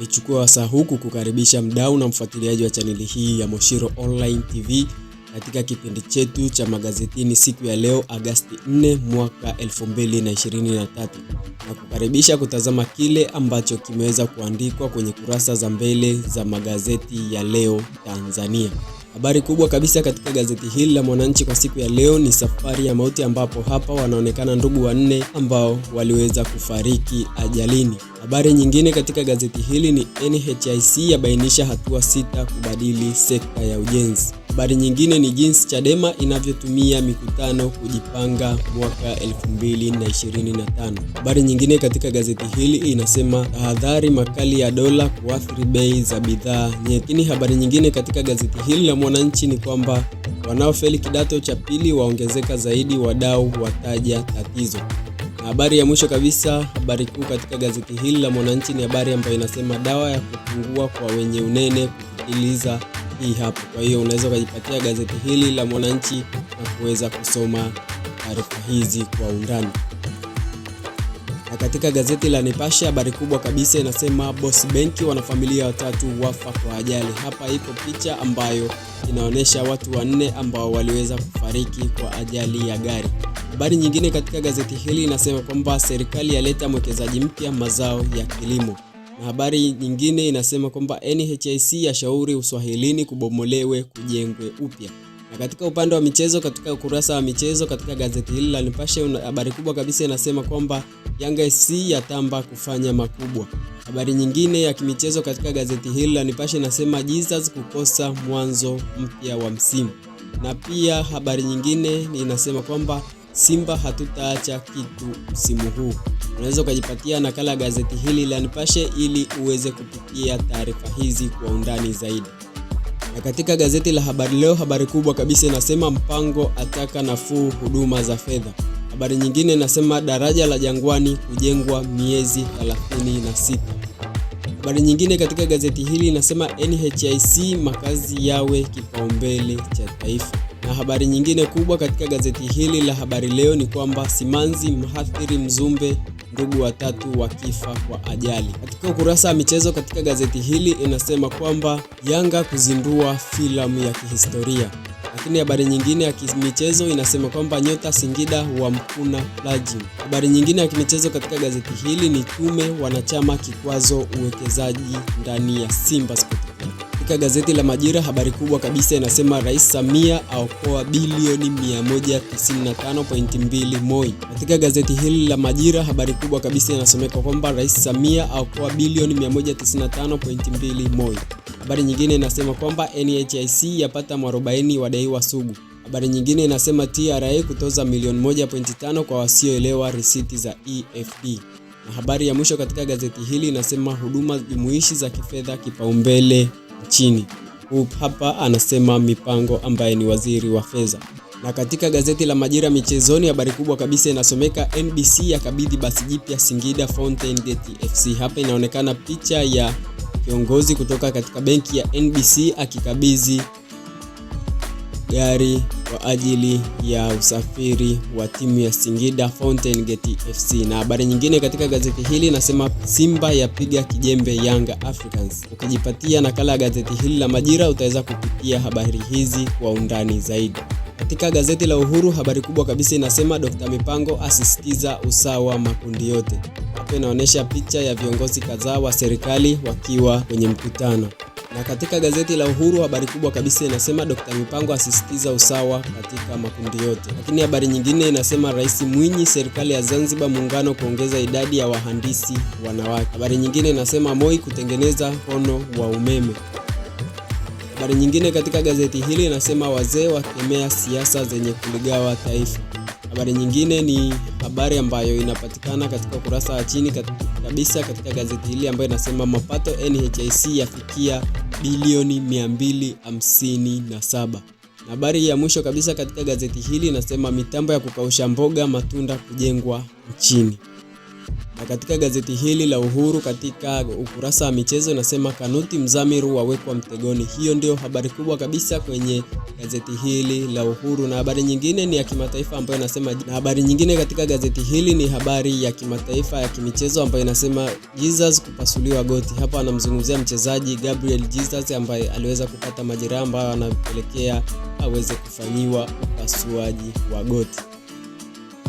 Nichukue wasaa huku kukaribisha mdau na mfuatiliaji wa chaneli hii ya Moshiro Online TV katika kipindi chetu cha magazetini siku ya leo Agasti 4 mwaka 2023, na kukaribisha kutazama kile ambacho kimeweza kuandikwa kwenye kurasa za mbele za magazeti ya leo Tanzania. Habari kubwa kabisa katika gazeti hili la Mwananchi kwa siku ya leo ni safari ya mauti, ambapo hapa wanaonekana ndugu wanne ambao waliweza kufariki ajalini. Habari nyingine katika gazeti hili ni NHIC yabainisha hatua sita kubadili sekta ya ujenzi. Habari nyingine ni jinsi Chadema inavyotumia mikutano kujipanga mwaka 2025. Habari nyingine katika gazeti hili inasema tahadhari makali ya dola kuathiri bei za bidhaa nyekini. Habari nyingine katika gazeti hili la Mwananchi ni kwamba wanaofeli kidato cha pili waongezeka zaidi, wadau wataja tatizo. Habari ya mwisho kabisa, habari kuu katika gazeti hili la Mwananchi ni habari ambayo inasema dawa ya kupungua kwa wenye unene kupitiliza hii hapo. Kwa hiyo unaweza ukajipatia gazeti hili la Mwananchi na kuweza kusoma taarifa hizi kwa undani. Na katika gazeti la Nipashe habari kubwa kabisa inasema Boss Benki wanafamilia watatu wafa kwa ajali. Hapa ipo picha ambayo inaonyesha watu wanne ambao waliweza kufariki kwa ajali ya gari. Habari nyingine katika gazeti hili inasema kwamba serikali yaleta mwekezaji mpya mazao ya kilimo. Na habari nyingine inasema kwamba NHIC yashauri Uswahilini kubomolewe kujengwe upya. Na katika upande wa michezo, katika ukurasa wa michezo katika gazeti hili la Nipashe, habari kubwa kabisa inasema kwamba Yanga FC yatamba kufanya makubwa. Habari nyingine ya kimichezo katika gazeti hili la Nipashe inasema Jesus kukosa mwanzo mpya wa msimu, na pia habari nyingine inasema kwamba Simba hatutaacha kitu msimu huu. Unaweza ukajipatia nakala ya gazeti hili la Nipashe ili uweze kupitia taarifa hizi kwa undani zaidi. Na katika gazeti la Habari Leo, habari kubwa kabisa inasema Mpango ataka nafuu huduma za fedha. Habari nyingine inasema daraja la Jangwani kujengwa miezi 36. Habari nyingine katika gazeti hili inasema NHIC makazi yawe kipaumbele cha taifa. Na habari nyingine kubwa katika gazeti hili la Habari Leo ni kwamba simanzi mhathiri Mzumbe, ndugu watatu wakifa kwa ajali. Katika ukurasa wa michezo katika gazeti hili inasema kwamba Yanga kuzindua filamu ya kihistoria lakini habari nyingine ya kimichezo inasema kwamba nyota Singida wa mkuna lajim. Habari nyingine ya kimichezo katika gazeti hili ni tume wanachama kikwazo uwekezaji ndani ya Simba Sport. Katika gazeti la Majira, habari kubwa kabisa inasema Rais Samia aokoa bilioni 195.2 Moi. Katika gazeti hili la Majira, habari kubwa kabisa inasomeka kwamba Rais Samia aokoa bilioni 195.2 Moi. Habari nyingine inasema kwamba NHIC yapata mwarobaini wadaiwa sugu. Habari nyingine inasema TRA kutoza milioni 1.5 kwa wasioelewa risiti za EFD. Na habari ya mwisho katika gazeti hili inasema huduma jumuishi za kifedha kipaumbele nchini. Hapa anasema Mipango ambaye ni waziri wa fedha. Na katika gazeti la Majira michezoni, habari kubwa kabisa inasomeka NBC yakabidhi basi jipya Singida Fountain Gate FC. Hapa inaonekana picha ya kiongozi kutoka katika benki ya NBC akikabidhi gari kwa ajili ya usafiri wa timu ya Singida Fountain Gate FC. Na habari nyingine katika gazeti hili nasema Simba yapiga kijembe Yanga Africans. Ukijipatia nakala ya gazeti hili la Majira utaweza kupitia habari hizi kwa undani zaidi. Katika gazeti la Uhuru habari kubwa kabisa inasema Dr. Mipango asisitiza usawa makundi yote. Hapo inaonyesha picha ya viongozi kadhaa wa serikali wakiwa kwenye mkutano. Na katika gazeti la Uhuru habari kubwa kabisa inasema Dr. Mipango asisitiza usawa katika makundi yote, lakini habari nyingine inasema Rais Mwinyi, serikali ya Zanzibar muungano kuongeza idadi ya wahandisi wanawake. Habari nyingine inasema Moi kutengeneza hono wa umeme. Habari nyingine katika gazeti hili inasema wazee wakemea siasa zenye kuligawa taifa. Habari nyingine ni habari ambayo inapatikana katika ukurasa wa chini kabisa katika gazeti hili ambayo inasema mapato NHIC yafikia bilioni 257. habari ya mwisho kabisa katika gazeti hili inasema mitambo ya kukausha mboga matunda kujengwa nchini. Na katika gazeti hili la Uhuru katika ukurasa wa michezo inasema Kanuti Mzamiru wawekwa mtegoni. Hiyo ndio habari kubwa kabisa kwenye gazeti hili la Uhuru, na habari nyingine ni ya kimataifa ambayo inasema, na habari nyingine katika gazeti hili ni habari ya kimataifa ya kimichezo ambayo inasema Jesus kupasuliwa goti. Hapa anamzungumzia mchezaji Gabriel Jesus ambaye aliweza kupata majeraha ambayo anapelekea aweze kufanyiwa upasuaji wa goti.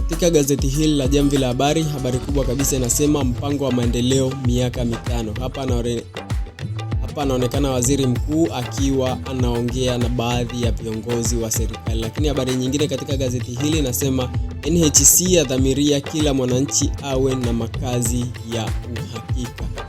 Katika gazeti hili la Jamvi la Habari, habari kubwa kabisa inasema mpango wa maendeleo miaka mitano. Hapa hapa anaonekana waziri mkuu akiwa anaongea na baadhi ya viongozi wa serikali. Lakini habari nyingine katika gazeti hili inasema NHC yadhamiria kila mwananchi awe na makazi ya uhakika.